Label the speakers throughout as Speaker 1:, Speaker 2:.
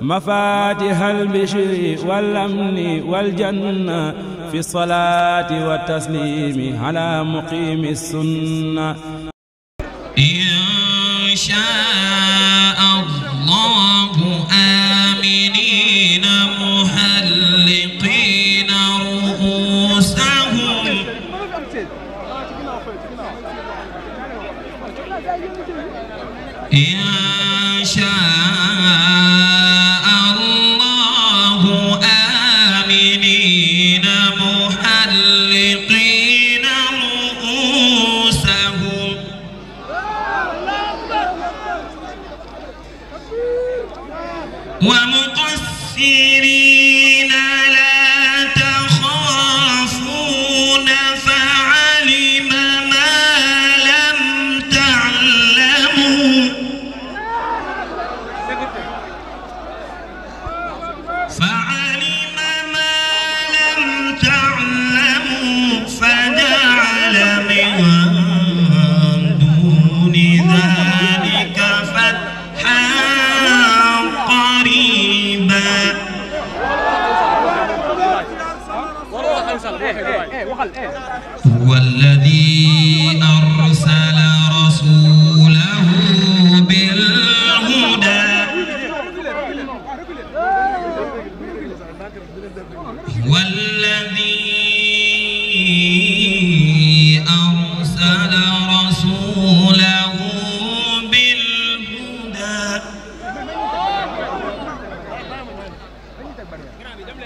Speaker 1: mafatihal bishri wal amni wal janna fi salaati wa taslimi ala muqimi sunna
Speaker 2: insha Allah
Speaker 1: amin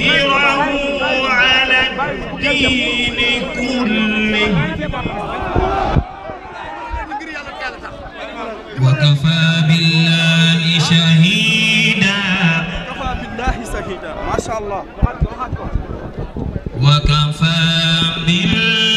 Speaker 1: ليظهره على
Speaker 2: الدين كله وكفى بالله شهيدا وكفى بالله شهيدا ما شاء الله وكفى بالله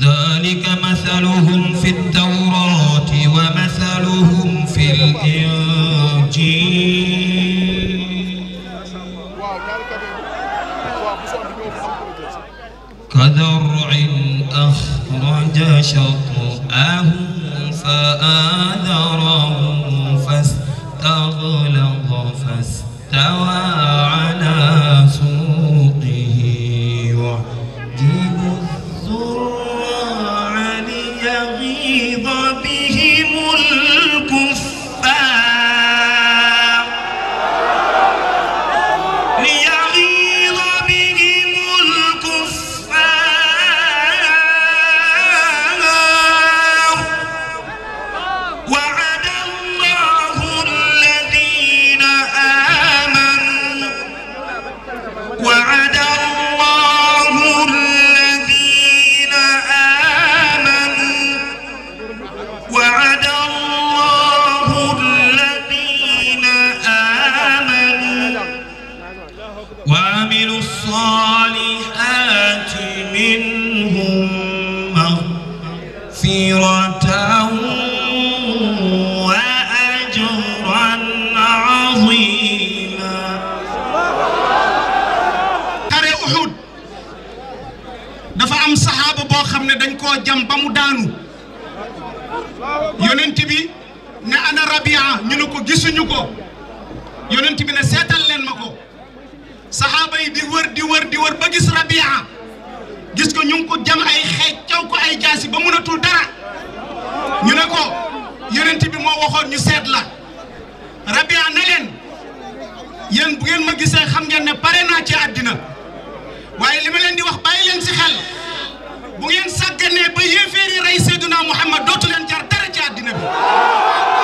Speaker 2: ذلك مثلهم في التوراة ومثلهم في الإنجيل كذرع أخرج شطأه فآذره فاستغلظ فاستوى
Speaker 1: wër di wër ba gis Rabia gis ko ñu ko jam ay xeej caw ko ay jaasi ba mënatul dara ñu ne ko yonent bi moo waxoon ñu seet la Rabia ne leen yéen bu ma gisee xam ngeen ne pare naa ci àddina waaye li ma leen di wax bàyyi leen si xel bu ngeen sàgganee ba yéeféeri rey Seyduna Muhammad dootu leen jar dara ci àddina bi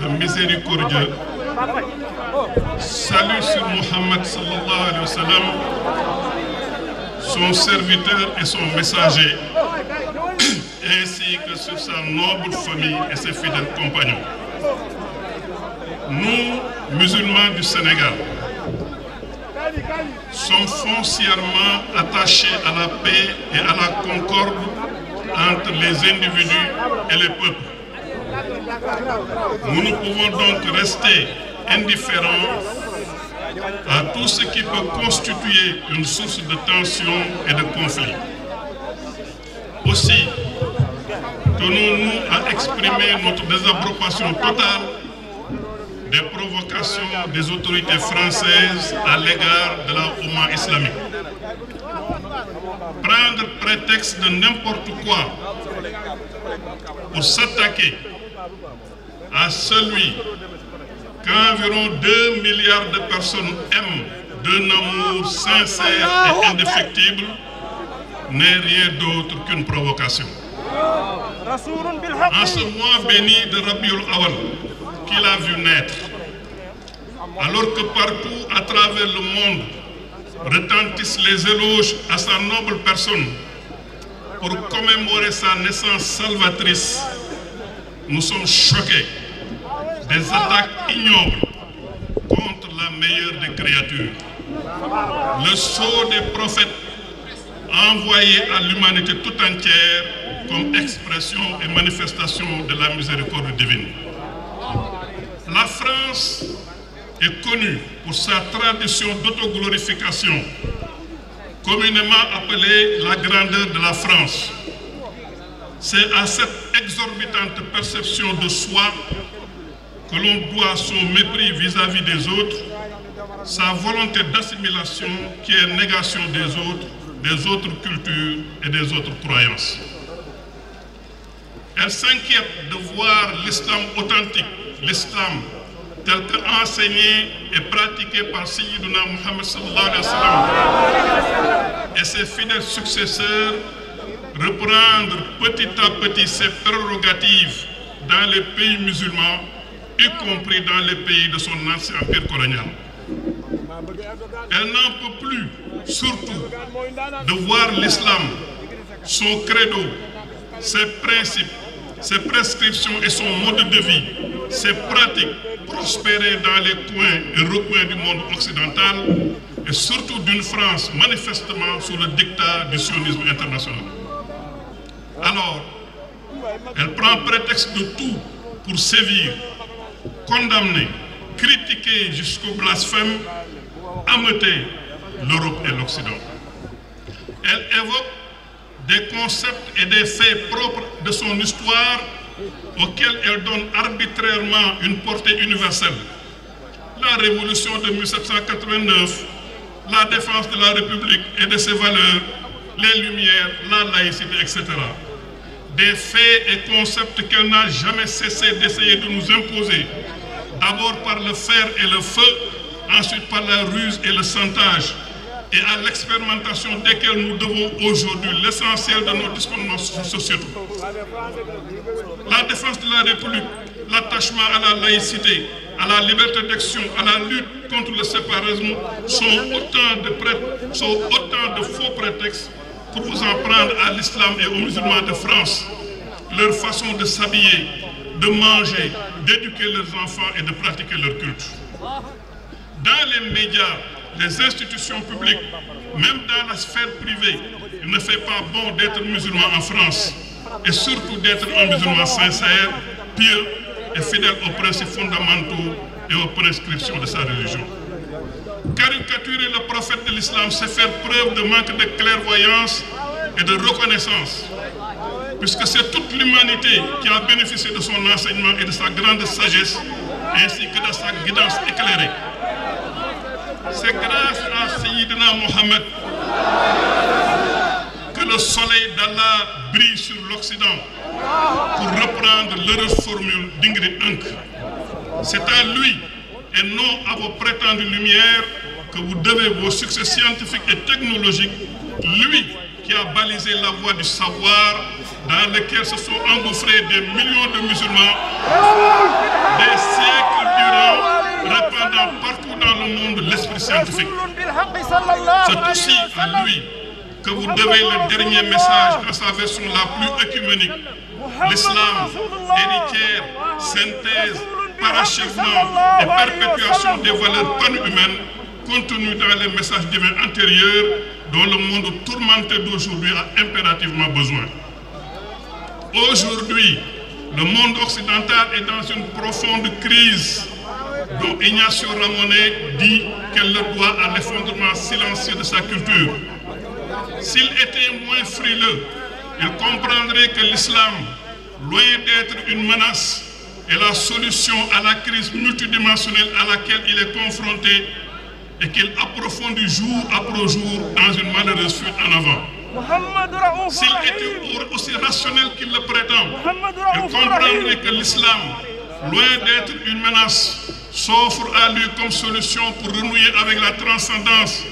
Speaker 2: le miséricordieux, salut sur Mohammed son serviteur et son messager, ainsi que sur sa noble famille et ses fidèles compagnons. Nous, musulmans du Sénégal, sommes foncièrement attachés à la paix et à la concorde entre les individus et les peuples. Nous ne pouvons donc rester indifférents à tout ce qui peut constituer une source de tension et de conflit. Aussi, tenons-nous à exprimer notre désapprobation totale des provocations des autorités françaises à l'égard de la Ouma islamique. Prendre prétexte de n'importe quoi pour s'attaquer à celui qu'environ 2 milliards de personnes aiment d'un amour sincère et ah, oh, indéfectible n'est rien d'autre qu'une provocation. a vu naître, alors que partout à travers le monde retentissent les éloges à sa noble personne pour commémorer sa naissance salvatrice, nous sommes choqués des attaques ignobles contre la meilleure des créatures. Le sceau des prophètes envoyé à l'humanité tout entière comme expression et manifestation de la miséricorde divine. La France est connue pour sa tradition d'autoglorification, communément appelée la grandeur de la France. C'est à cette exorbitante perception de soi que l'on doit son vis-à-vis des autres, sa volonté d'assimilation qui est négation des autres, des autres cultures et des autres croyances. Elle s'inquiète de voir l'islam authentique, l'islam tel que enseigné et pratiqué par Sayyidina Muhammad sallallahu alayhi wa et ses fidèles successeurs reprendre petit à petit ses prérogatives dans les pays musulmans y compris dans les pays de son ancien empire colonial. Elle n'en peut plus, surtout, de voir l'islam, son credo, ses principes, ses prescriptions et son mode de vie, ses pratiques prospérer dans les coins et recoins du monde occidental et surtout d'une France manifestement sous le dictat du sionisme international. Alors, elle prend prétexte de tout pour sévir condamner, critiquer jusqu'au blasphème, ameuter l'Europe des concepts de son histoire auxquels elle donne une portée universelle. La révolution de 1789, la défense de la République et de ses valeurs, les Lumières, des faits et concepts qu'elle n'a jamais cessé d'essayer de nous imposer, d'abord par le fer et le feu, ensuite par la ruse et le santage, et à l'expérimentation desquels nous devons aujourd'hui l'essentiel de nos dispositions sociétaux. La défense de la République, l'attachement à la laïcité, à la liberté d'action, à la lutte contre le séparisme sont autant de faux prétextes pour vous à l'islam et aux musulmans de France, leur façon de s'habiller, de manger, d'éduquer leurs enfants et de pratiquer leur culte. Dans les médias, les institutions publiques, même dans la sphère privée, il ne fait pas bon d'être musulman en France et surtout d'être un musulman sincère, pieux et fidèle aux principes fondamentaux et aux prescriptions de sa religion. Caricaturer le prophète de l'islam, c'est faire preuve de manque de clairvoyance et de reconnaissance, puisque c'est toute l'humanité qui a bénéficié de son enseignement et de sa grande sagesse, ainsi que de sa guidance éclairée. C'est grâce à Sayyidina Mohammed que le soleil d'Allah brille sur l'Occident, pour reprendre l'heureuse formule d'Ingrid Ank. C'est à lui et non à vos prétendues lumières que vous devez vos succès scientifiques et technologiques, lui qui a balisé la voie du savoir dans lequel se sont engouffrés des millions de musulmans des siècles durant, répandant partout dans le monde l'esprit scientifique. C'est aussi à lui que vous devez le dernier message de sa version la plus œcuménique, l'islam, héritière, synthèse, parachèvement et perpétuation des valeurs panhumaines contenues dans les messages Aujourd'hui, le monde occidental est dans une profonde crise dont Ignacio Ramonet dit qu'elle le doit à l'effondrement silencieux de sa culture. S'il était moins frileux, il comprendrait que l'islam, loin d'être une menace, est la solution à la crise multidimensionnelle à laquelle il est confronté et qu'il approfondit jour après jour dans une malheureuse fuite en avant. S'il était aussi rationnel qu'il le prétend, il comprendrait que l'islam, loin d'être une menace, s'offre à lui comme solution pour renouer avec la transcendance,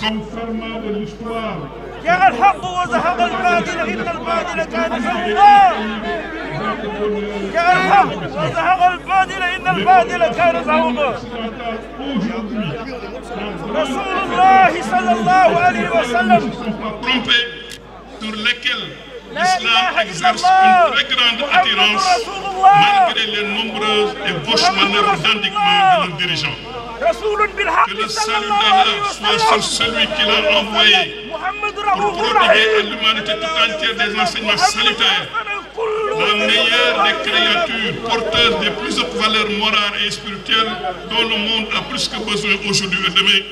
Speaker 2: comme ferment de l'histoire.
Speaker 1: وزهق
Speaker 2: الباطل إن الباطل كان زهوقا رسول الله صلى الله عليه وسلم sur lesquels l'islam exerce une très grande attirance malgré les nombreuses et gauches manœuvres d'endiguement de nos dirigeants. Que le salut d'Allah soit sur celui qui l'a envoyé pour prodiguer à l'humanité tout entière des enseignements salutaires la meilleure des créatures porteuses des plus hautes valeurs morales et spirituelles dont le monde a plus que besoin aujourd'hui et demain.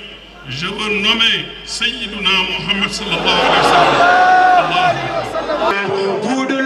Speaker 2: Je veux nommer Sayyiduna Mohammed sallallahu alayhi wa sallam.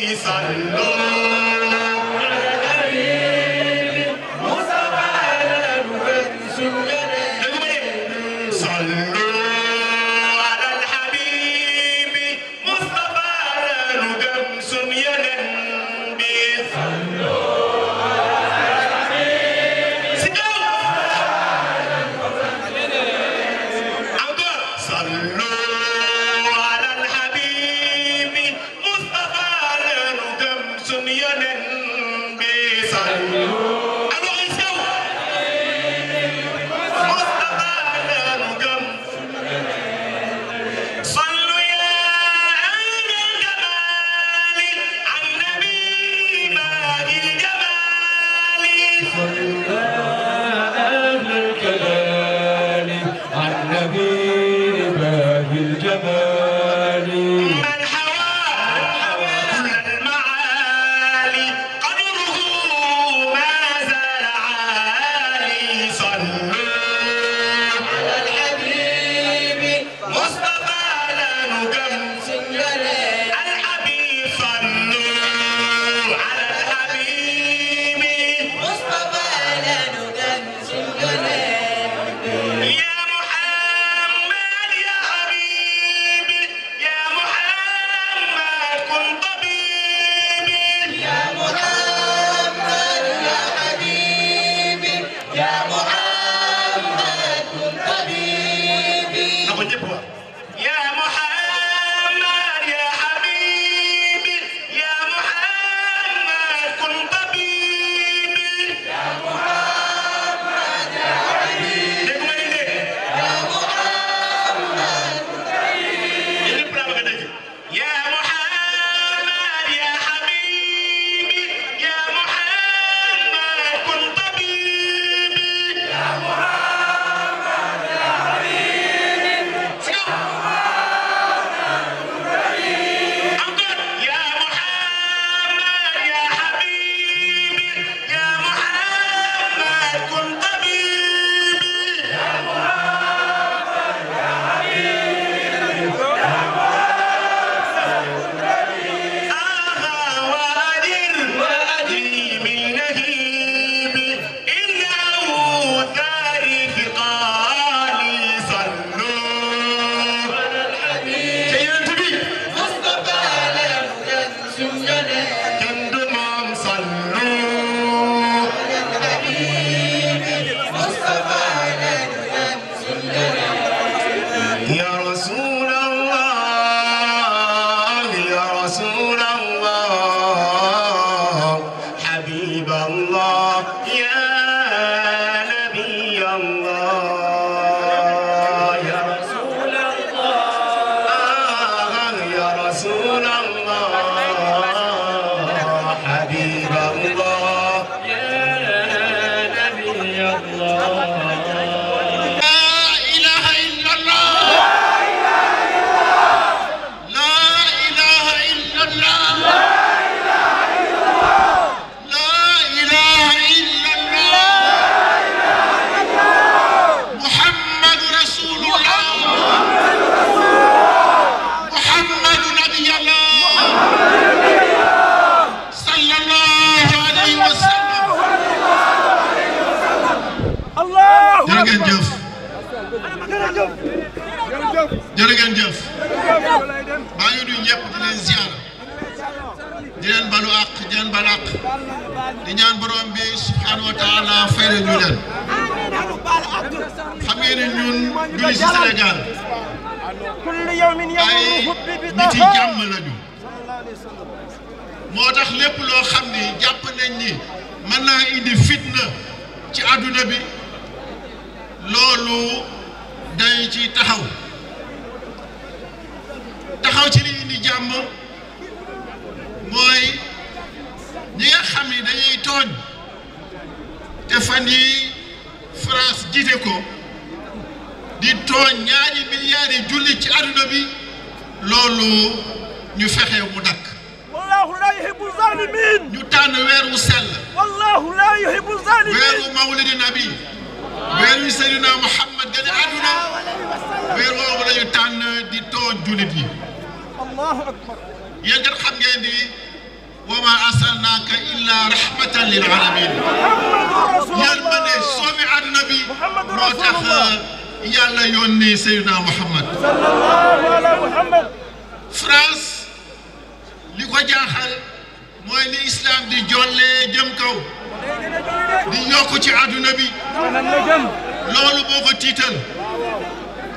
Speaker 1: صلوا ngeen jëf maa ngi nuyu ñëpp di leen ziar di leen balu àq di leen balu àq di ñaan borom bi subhaanahu wa taala fay la ñu leen xam ngeen ne ñun julli si Sénégal ay nit yi jàmm lañu moo tax lépp loo xam ni jàpp nañ ni mën naa indi fitna ci àdduna bi loolu dañ ci taxaw. taxaw ci li indi jàmm mooy ñi nga xam ni dañuy tooñ te fan yi France jiite ko di tooñ ñaari milliards jullit ci àdduna bi loolu ñu fexe mu dakk wallahu la yuhibbu zalimin ñu tànn weer wu sell wallahu la yuhibbu zalimin weeru mawlidi nabi
Speaker 2: weeru Seydina
Speaker 1: gane àdduna weer woowu la tànn di tooñ jullit yi allahu akbar yéen kat xam ngeen ni wa ma arsalnaaka illa rahmatan lil alamin yéen ma ne soomi annabi moo tax yàlla yónni Seydina Muhammad sallallahu ala Muhammad France li ko jaaxal mooy li islam di jollee jëm kaw di yokku ci adduna bi loolu boo ko tiital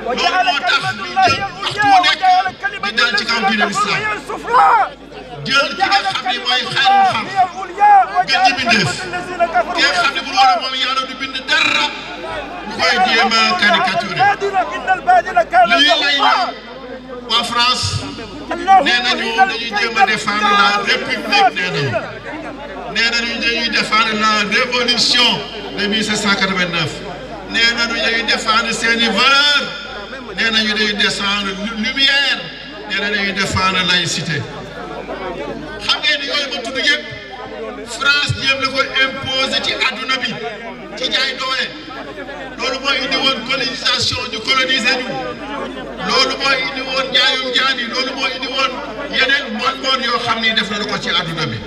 Speaker 1: loolu moo tax ñu jël waxtu wu nekk di dal ci kaw diine lislaam jël ki nga xam ne mooy xayrul xam gën di bindeef ki nga xam ne bu loolu moom yàlla du bind dara ñu koy jéem a caricaturé lii lay waa France nee nañu dañuy jéem a défendre la république nee nañu nee nañu dañuy défendre la révolution de 1789 nee nañu dañuy défendre seeni valeurs nee nañu day descendre na dañuy défendre laïcité xam ngeen ni yooyu ma tudd yëpp France jéem la ko imposer ci adduna bi ci jaay doole loolu moo indi woon colonisation ñu coloniser ñu loolu moo indi woon njaayum njaani loolu moo indi woon yeneen moon moon yoo xam ni def nañu ko ci adduna bi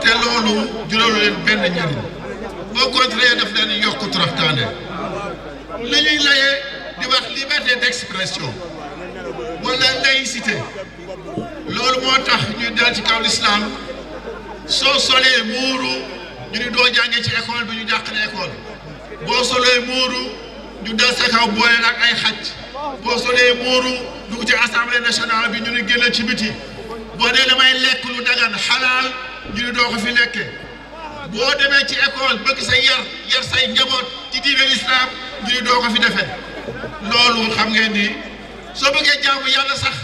Speaker 1: te loolu juralu leen benn njariñ au contraire daf leen yokk toroxtaane li ñuy layee di wax liberté d'expression wala laïcité loolu moo tax ñu dal ci kaw lislaam soo solee muuru ñu ni doo jàngee ci école bi ñu jàqale école boo solee muuru ñu dal sa kaw boole nag ay xaj boo solee muuru dugg ci assemblée nationale bi ñu ni génn ci biti boo dee damay lekk lu dagan xalaal ñu ni doo ko fi lekke boo demee ci école bëgg sa yar yar say njaboot ci diine lislaam ñu ni fi defee loolu xam ngeen ni soo bëggee jaamu yàlla sax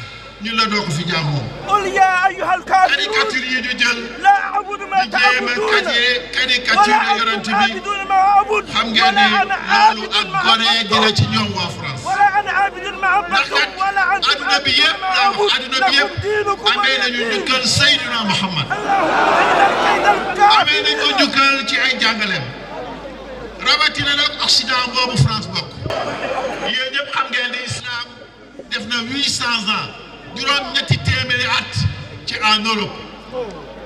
Speaker 1: ñu la doo ko fi jaamoo. qul yaa ayyuhal kaafiruun caricature yi ñu jël. laa abudu maa ta'buduun di jéem a caricature yi yonent bi xam ngeen ni loolu ak goree gi la ci ñoom waa France. ndax kat adduna bi yëpp daa wax adduna bi yëpp amee nañu njukkal Seydina Muhammad amee nañu ko njukkal ci ay jàngaleem rawatina nag Occident boobu France boobu. yéen ñëpp xam ngeen ni islam def na huit cent ans juróom-ñetti téeméeri at ci en Europe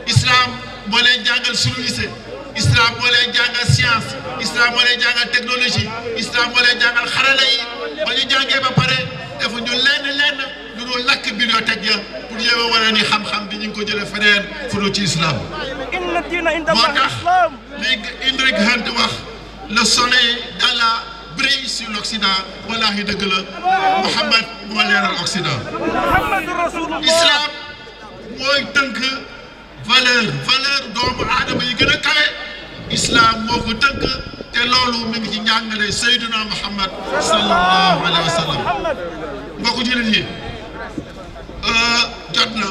Speaker 1: islam moo leen jàngal suñu lycée islam moo leen jàngal science islam moo leen jàngal technologie islam moo leen jàngal xarala yi ba ñu jàngee ba pare defu ñu lenn lenn lu ñu lakk bibliothèque ya pour yow a wane ni xam-xam bi ñu ngi ko jëlee feneen fu dul ci islam. moo tax li Hindrich Hunt wax le soleil dans la. brille sur l'Occident wallaahi dëgg la Muhammad moo leeral Occident islam mooy tënk valeur valeur doomu aadama yi gën a kawe islam moo ko tënk te loolu mi ngi ci njàngale Seydina Muhammad sallallahu alayhi wa sallam mbokku jullit yi euh, jot na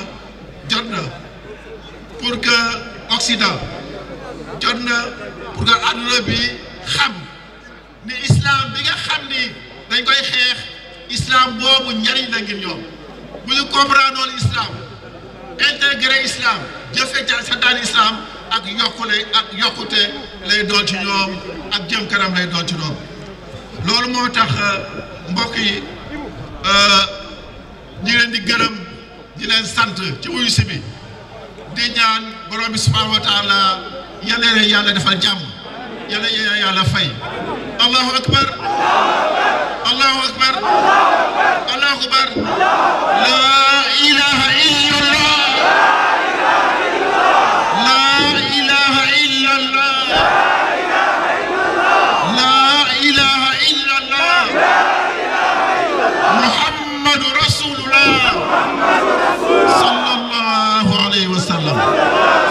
Speaker 1: jot na pour que Occident jot na pour que àdduna bi xam ni islam bi nga xam ni dañ koy xeex islam boobu njariñ la ngir ñoom bu ñu comprendre woon islam intégré islam jëfe ca sa daan islam ak yokkule ak yokkute lay doon ci ñoom ak jëm kanam lay doon ci ñoom loolu moo tax euh, mbokk yi euh, ñi leen di gërëm di leen sant ci wuyu si bi di ñaan borom bi subhanahu wa taala yal yàlla defal jàmm yàlla yàlla fay allahu akbar allahu akbar allahu akbar la ilaha illallah la ilaha illallah la ilaha illallah muhammadu rasulullah sallallahu alayhi wa sallam